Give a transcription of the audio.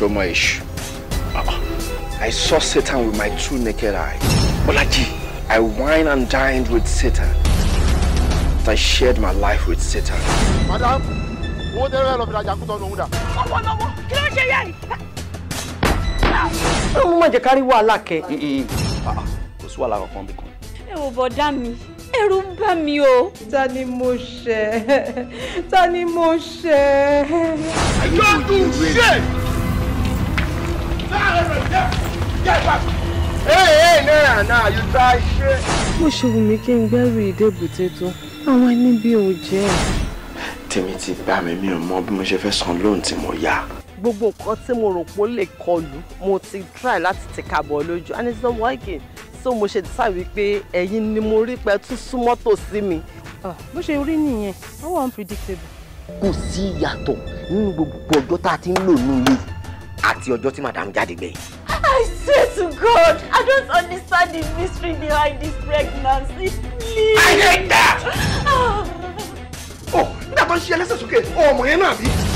Shomoish. Ah, ah. I saw Satan with my two naked eyes. Olaji, I wine and dined with Satan. I shared my life with Satan. Madam, what the hell of Rajakuta no wonder? mo máa jẹ kárí wàhálà kẹ? Ah, Kò sí wàhálà kankan bí kan. Ẹ ò bọ̀dá mi, ẹ̀rù ń bà mí o. Ta ni mo ṣẹ̀? Ta ni mo ṣẹ̀? I don't do shit! Hey, hey, Naira, now you try shit. Mo ṣe wù mí kí n gbẹ́rù ìdè bùtẹ́tù. Àwọn ẹni bí ò jẹ́. Tèmi ti bá mi mi ò mọ bí mo ṣe fẹ́ san lóhùn tí mo yá. Gbogbo nǹkan tí mo rò pé ó lè kọlù, mo ti try láti ti kàbọ̀ lójú and it's not working. So mo ṣe decide wípé ẹ̀yin ni mo rí pé tún súnmọ́ tòsí mi. Ah, bó ṣe rí nìyẹn, ó unpredictable. Kò sí ìyàtọ̀ nínú gbogbo ọjọ́ tá a ti ń lò nílé àti ọjọ́ tí màdàm jáde gbẹ̀yìn. I say to God. I don't understand the mystery behind this pregnancy. Please. I hate that! Ah. oh, nígbà tó ń ṣe ẹlẹ́sẹ̀ sókè, ọmọ yẹn